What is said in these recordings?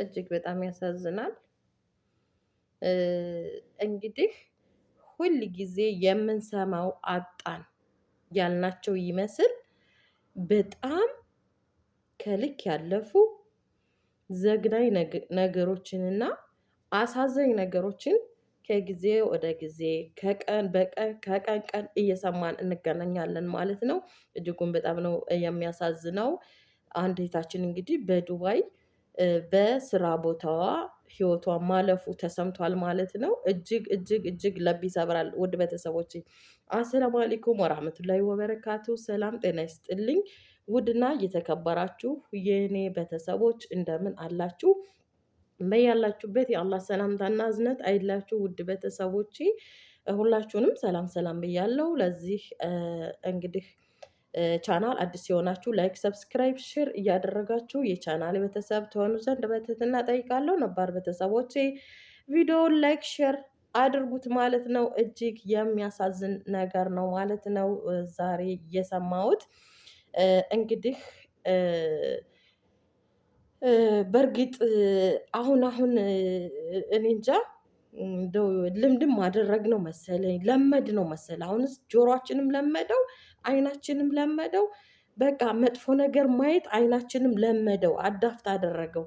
እጅግ በጣም ያሳዝናል። እንግዲህ ሁል ጊዜ የምንሰማው አጣን ያልናቸው ይመስል በጣም ከልክ ያለፉ ዘግናኝ ነገሮችንና አሳዘኝ ነገሮችን ከጊዜ ወደ ጊዜ ከቀን ቀን እየሰማን እንገናኛለን ማለት ነው። እጅጉን በጣም ነው የሚያሳዝነው። አንድ እህታችን እንግዲህ በዱባይ በስራ ቦታዋ ህይወቷ ማለፉ ተሰምቷል ማለት ነው። እጅግ እጅግ እጅግ ለብ ይሰብራል። ውድ ቤተሰቦች አሰላሙ አሌይኩም ወራህመቱላሂ ወበረካቱ። ሰላም ጤና ይስጥልኝ። ውድና እየተከበራችሁ የእኔ ቤተሰቦች እንደምን አላችሁ? በያላችሁበት የአላህ ሰላምታና እዝነት አይላችሁ። ውድ ቤተሰቦች ሁላችሁንም ሰላም ሰላም ብያለሁ። ለዚህ እንግዲህ ቻናል አዲስ የሆናችሁ ላይክ፣ ሰብስክራይብ፣ ሼር እያደረጋችሁ የቻናል ቤተሰብ ትሆኑ ዘንድ በትህትና ጠይቃለሁ። ነባር ቤተሰቦቼ ቪዲዮውን ላይክ፣ ሼር አድርጉት ማለት ነው። እጅግ የሚያሳዝን ነገር ነው ማለት ነው። ዛሬ የሰማሁት እንግዲህ በእርግጥ አሁን አሁን እኔ እንጃ እንደው ልምድም ማደረግ ነው መሰለኝ ለመድ ነው መሰለ። አሁንስ ጆሮአችንም ለመደው፣ አይናችንም ለመደው። በቃ መጥፎ ነገር ማየት አይናችንም ለመደው፣ አዳፍት አደረገው።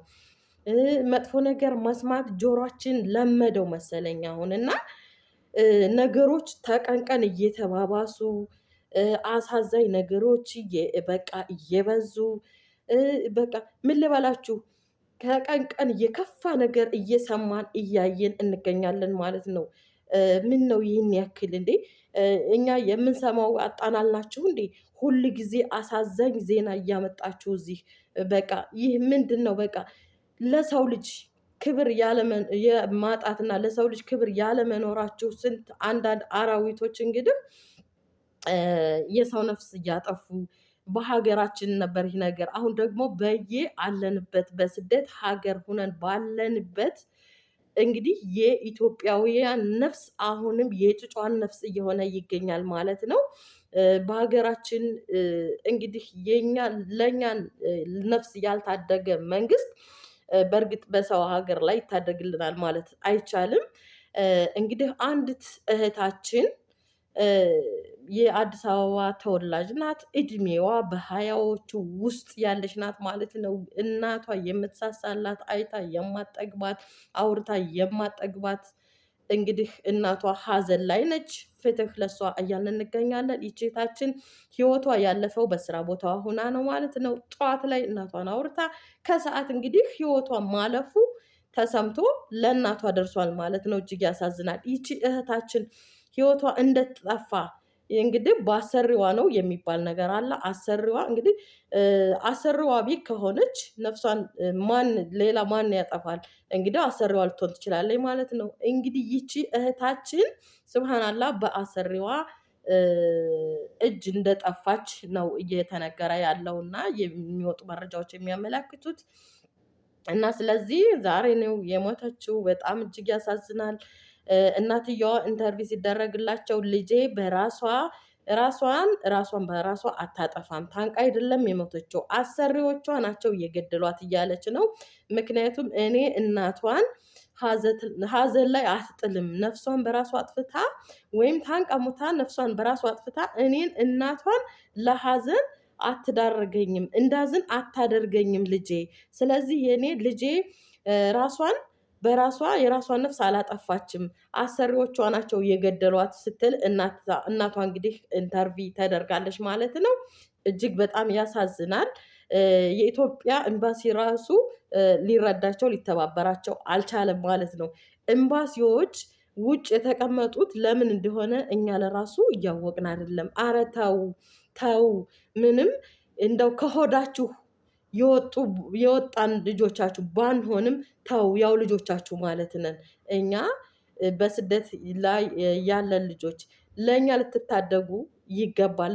መጥፎ ነገር መስማት ጆሮአችን ለመደው መሰለኝ አሁን እና ነገሮች ተቀንቀን እየተባባሱ አሳዛኝ ነገሮች በቃ እየበዙ በቃ ምን ልበላችሁ ከቀን ቀን የከፋ ነገር እየሰማን እያየን እንገኛለን ማለት ነው። ምን ነው ይህን ያክል እንዴ? እኛ የምንሰማው አጣናላችሁ እንዴ? ሁል ጊዜ አሳዛኝ ዜና እያመጣችሁ እዚህ በቃ ይህ ምንድን ነው? በቃ ለሰው ልጅ ክብር ማጣትና ለሰው ልጅ ክብር ያለመኖራችሁ ስንት አንዳንድ አራዊቶች እንግዲህ የሰው ነፍስ እያጠፉ በሀገራችን ነበር ይህ ነገር። አሁን ደግሞ በየ አለንበት በስደት ሀገር ሁነን ባለንበት እንግዲህ የኢትዮጵያውያን ነፍስ አሁንም የጭጫን ነፍስ እየሆነ ይገኛል ማለት ነው። በሀገራችን እንግዲህ የኛ ለእኛን ነፍስ ያልታደገ መንግስት በእርግጥ በሰው ሀገር ላይ ይታደግልናል ማለት አይቻልም። እንግዲህ አንዲት እህታችን የአዲስ አበባ ተወላጅ ናት። እድሜዋ በሀያዎቹ ውስጥ ያለች ናት ማለት ነው። እናቷ የምትሳሳላት አይታ የማጠግባት አውርታ የማጠግባት እንግዲህ እናቷ ሀዘን ላይ ነች። ፍትህ ለሷ እያልን እንገኛለን። ይቼታችን ህይወቷ ያለፈው በስራ ቦታዋ ሁና ነው ማለት ነው። ጠዋት ላይ እናቷን አውርታ ከሰዓት እንግዲህ ህይወቷ ማለፉ ተሰምቶ ለእናቷ ደርሷል ማለት ነው። እጅግ ያሳዝናል። ይቺ እህታችን ህይወቷ እንደተጠፋ እንግዲህ በአሰሪዋ ነው የሚባል ነገር አለ። አሰሪዋ እንግዲህ አሰሪዋ ቢት ከሆነች ነፍሷን ማን ሌላ ማን ያጠፋል? እንግዲህ አሰሪዋ ልትሆን ትችላለች ማለት ነው። እንግዲህ ይቺ እህታችን ስብሃናላ በአሰሪዋ እጅ እንደጠፋች ነው እየተነገረ ያለው እና የሚወጡ መረጃዎች የሚያመላክቱት እና ስለዚህ ዛሬ ነው የሞተችው። በጣም እጅግ ያሳዝናል። እናትየዋ ኢንተርቪው ሲደረግላቸው ልጄ በራሷ ራሷን ራሷን በራሷ አታጠፋም፣ ታንቃ አይደለም የሞተችው፣ አሰሪዎቿ ናቸው እየገደሏት እያለች ነው። ምክንያቱም እኔ እናቷን ሀዘን ላይ አትጥልም። ነፍሷን በራሷ አጥፍታ ወይም ታንቃ ሙታ ነፍሷን በራሷ አጥፍታ እኔን እናቷን ለሀዘን አትዳርገኝም፣ እንዳዝን አታደርገኝም ልጄ። ስለዚህ የእኔ ልጄ ራሷን በራሷ የራሷን ነፍስ አላጠፋችም፣ አሰሪዎቿ ናቸው የገደሏት ስትል እናቷ እንግዲህ ኢንተርቪ ተደርጋለች ማለት ነው። እጅግ በጣም ያሳዝናል። የኢትዮጵያ ኤምባሲ ራሱ ሊረዳቸው ሊተባበራቸው አልቻለም ማለት ነው። ኤምባሲዎች ውጭ የተቀመጡት ለምን እንደሆነ እኛ ለራሱ እያወቅን አይደለም። አረ ተው ተው፣ ምንም እንደው ከሆዳችሁ የወጣን ልጆቻችሁ ባንሆንም ተው ያው ልጆቻችሁ ማለት ነን። እኛ በስደት ላይ ያለን ልጆች ለእኛ ልትታደጉ ይገባል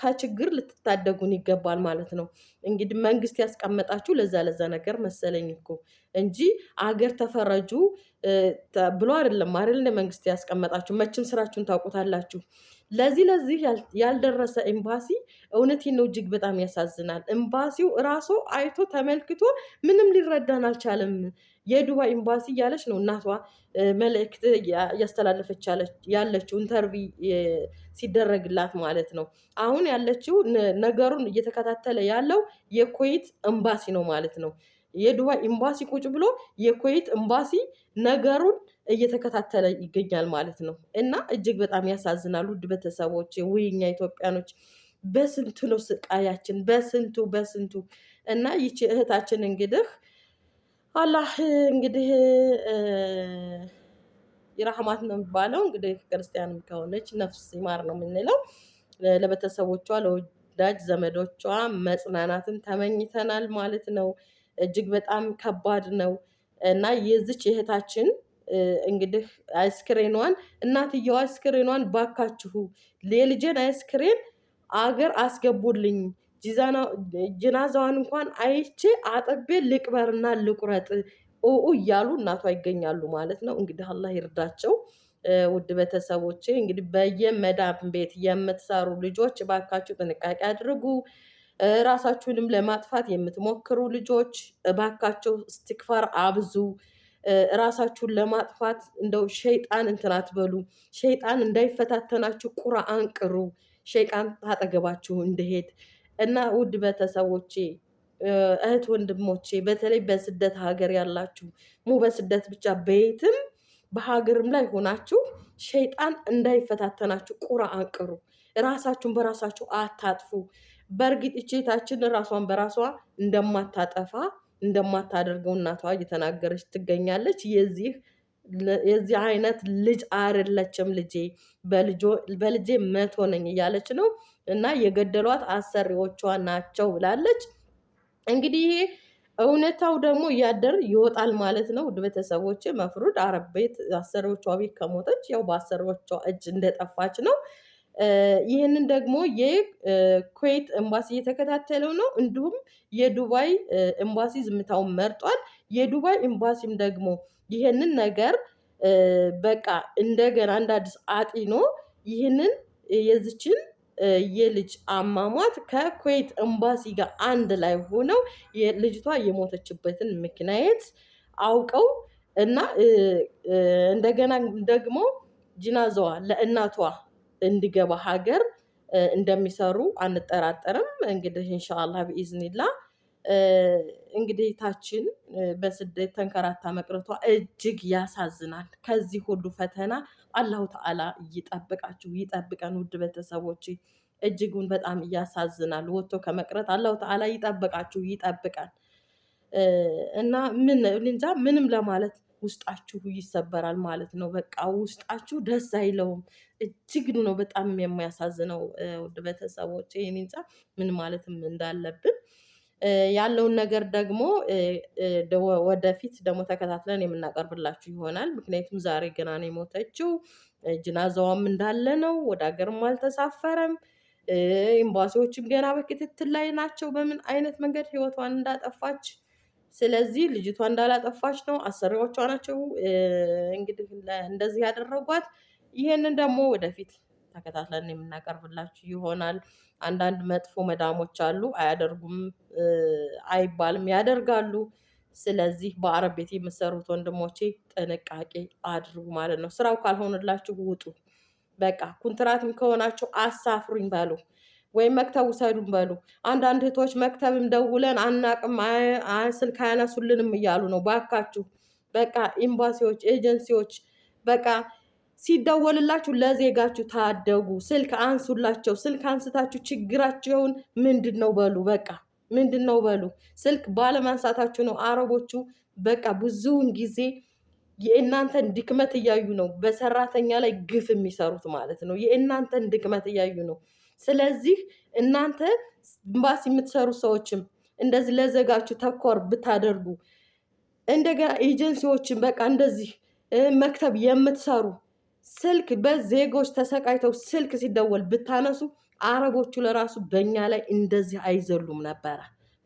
ከችግር ልትታደጉን ይገባል ማለት ነው። እንግዲህ መንግስት ያስቀመጣችሁ ለዛ ለዛ ነገር መሰለኝ እኮ እንጂ አገር ተፈረጁ ብሎ አይደለም አይደል? መንግስት ያስቀመጣችሁ መቼም ስራችሁን ታውቁታላችሁ። ለዚህ ለዚህ ያልደረሰ ኤምባሲ እውነቴን ነው እጅግ በጣም ያሳዝናል። ኤምባሲው እራሱ አይቶ ተመልክቶ ምንም ሊረዳን አልቻለም። የዱባይ ኤምባሲ እያለች ነው እናቷ መልእክት እያስተላለፈች ያለችው ኢንተርቪ ሲደረግላት ማለት ነው። አሁን ያለችው ነገሩን እየተከታተለ ያለው የኩዌት ኤምባሲ ነው ማለት ነው። የዱባይ ኤምባሲ ቁጭ ብሎ የኩዌት ኤምባሲ ነገሩን እየተከታተለ ይገኛል ማለት ነው። እና እጅግ በጣም ያሳዝናሉ ውድ ቤተሰቦች ውይኛ ኢትዮጵያኖች በስንቱ ነው ስቃያችን፣ በስንቱ በስንቱ እና ይቺ እህታችን እንግዲህ አላህ እንግዲህ የራህማት ነው የሚባለው። እንግዲህ ክርስቲያንም ከሆነች ነፍስ ይማር ነው የምንለው። ለቤተሰቦቿ ለወዳጅ ዘመዶቿ መጽናናትን ተመኝተናል ማለት ነው። እጅግ በጣም ከባድ ነው እና የዚች እህታችን እንግዲህ አይስክሬኗን እናትየዋ አይስክሬኗን ባካችሁ የልጄን አይስክሬን አገር አስገቡልኝ ጅናዛዋን እንኳን አይቼ አጥቤ ልቅበርና ልቁረጥ ኦኡ እያሉ እናቷ ይገኛሉ ማለት ነው። እንግዲህ አላህ ይርዳቸው። ውድ ቤተሰቦቼ እንግዲህ በየመዳብ ቤት የምትሰሩ ልጆች እባካችሁ ጥንቃቄ አድርጉ። ራሳችሁንም ለማጥፋት የምትሞክሩ ልጆች እባካችሁ እስትክፋር አብዙ። ራሳችሁን ለማጥፋት እንደው ሸይጣን እንትን አትበሉ። ሸይጣን እንዳይፈታተናችሁ ቁርአን ቅሩ። ሸይጣን ታጠገባችሁ እንደሄድ እና ውድ ቤተሰቦቼ እህት ወንድሞቼ፣ በተለይ በስደት ሀገር ያላችሁ ሙ በስደት ብቻ በየትም በሀገርም ላይ ሆናችሁ ሸይጣን እንዳይፈታተናችሁ ቁራ አቅሩ። ራሳችሁን በራሳችሁ አታጥፉ። በእርግጥ እቼታችን ራሷን በራሷ እንደማታጠፋ እንደማታደርገው እናቷ እየተናገረች ትገኛለች። የዚህ የዚህ አይነት ልጅ አይደለችም ልጄ በልጄ መቶ ነኝ እያለች ነው። እና የገደሏት አሰሪዎቿ ናቸው ብላለች። እንግዲህ እውነታው ደግሞ እያደር ይወጣል ማለት ነው። ውድ ቤተሰቦች መፍሩድ አረብ ቤት አሰሪዎቿ ቤት ከሞተች ያው በአሰሪዎቿ እጅ እንደጠፋች ነው። ይህንን ደግሞ የኩዌት ኤምባሲ እየተከታተለው ነው። እንዲሁም የዱባይ ኤምባሲ ዝምታውን መርጧል። የዱባይ ኤምባሲም ደግሞ ይህንን ነገር በቃ እንደገና እንደ አዲስ አጢኖ ይህንን የዝችን የልጅ አሟሟት ከኩዌት ኤምባሲ ጋር አንድ ላይ ሆነው ልጅቷ የሞተችበትን ምክንያት አውቀው እና እንደገና ደግሞ ጅናዛዋ ለእናቷ እንዲገባ ሀገር እንደሚሰሩ አንጠራጠርም። እንግዲህ እንሻላ ብኢዝኒላ እንግዲህ ታችን በስደት ተንከራታ መቅረቷ እጅግ ያሳዝናል። ከዚህ ሁሉ ፈተና አላሁ ተዓላ ይጠብቃችሁ፣ ይጠብቀን። ውድ ቤተሰቦች እጅጉን በጣም እያሳዝናል። ወጥቶ ከመቅረት አላሁ ተዓላ ይጠብቃችሁ፣ ይጠብቀን እና ምን እንጃ ምንም ለማለት ውስጣችሁ ይሰበራል ማለት ነው። በቃ ውስጣችሁ ደስ አይለውም። እጅግ ነው በጣም የሚያሳዝነው ውድ ቤተሰቦች። ይህን እንጃ ምን ማለትም እንዳለብን ያለውን ነገር ደግሞ ወደፊት ደግሞ ተከታትለን የምናቀርብላችሁ ይሆናል። ምክንያቱም ዛሬ ገና ነው የሞተችው። ጅናዛዋም እንዳለ ነው። ወደ ሀገርም አልተሳፈረም። ኤምባሲዎችም ገና በክትትል ላይ ናቸው፣ በምን አይነት መንገድ ህይወቷን እንዳጠፋች። ስለዚህ ልጅቷ እንዳላጠፋች ነው፣ አሰሪዎቿ ናቸው እንግዲህ እንደዚህ ያደረጓት። ይህንን ደግሞ ወደፊት ተከታትለን የምናቀርብላችሁ ይሆናል። አንዳንድ መጥፎ መዳሞች አሉ፣ አያደርጉም አይባልም፣ ያደርጋሉ። ስለዚህ በአረብ ቤት የምትሰሩት ወንድሞቼ ጥንቃቄ አድርጉ ማለት ነው። ስራው ካልሆነላችሁ ውጡ። በቃ ኩንትራትም ከሆናችሁ አሳፍሩኝ በሉ ወይም መክተብ ውሰዱን በሉ። አንዳንድ እህቶች መክተብም ደውለን አናቅም ስልክ አያነሱልንም እያሉ ነው። ባካችሁ በቃ ኤምባሲዎች፣ ኤጀንሲዎች በቃ ሲደወልላችሁ ለዜጋችሁ ታደጉ፣ ስልክ አንሱላቸው። ስልክ አንስታችሁ ችግራቸውን ምንድን ነው በሉ። በቃ ምንድን ነው በሉ። ስልክ ባለማንሳታችሁ ነው አረቦቹ በቃ ብዙውን ጊዜ የእናንተን ድክመት እያዩ ነው በሰራተኛ ላይ ግፍ የሚሰሩት ማለት ነው። የእናንተን ድክመት እያዩ ነው። ስለዚህ እናንተ ኤምባሲ የምትሰሩ ሰዎችም እንደዚህ ለዜጋችሁ ተኮር ብታደርጉ እንደገና ኤጀንሲዎችን በቃ እንደዚህ መክተብ የምትሰሩ ስልክ በዜጎች ተሰቃይተው ስልክ ሲደወል ብታነሱ አረቦቹ ለራሱ በእኛ ላይ እንደዚህ አይዘሉም ነበረ።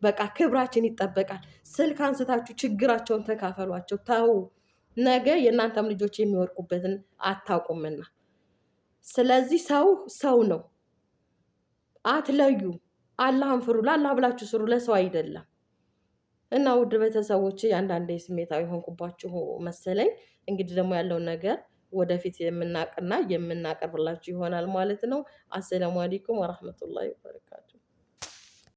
በቃ ክብራችን ይጠበቃል። ስልክ አንስታችሁ ችግራቸውን ተካፈሏቸው። ተው፣ ነገ የእናንተም ልጆች የሚወርቁበትን አታውቁምና። ስለዚህ ሰው ሰው ነው፣ አትለዩ። አላህን ፍሩ። ለአላህ ብላችሁ ስሩ፣ ለሰው አይደለም። እና ውድ ቤተሰቦች አንዳንዴ ስሜታዊ ሆንኩባችሁ መሰለኝ። እንግዲህ ደግሞ ያለውን ነገር ወደፊት የምናቅና የምናቀርብላችሁ ይሆናል ማለት ነው። አሰላሙ አለይኩም ወረህመቱላሂ ወበረካቱ።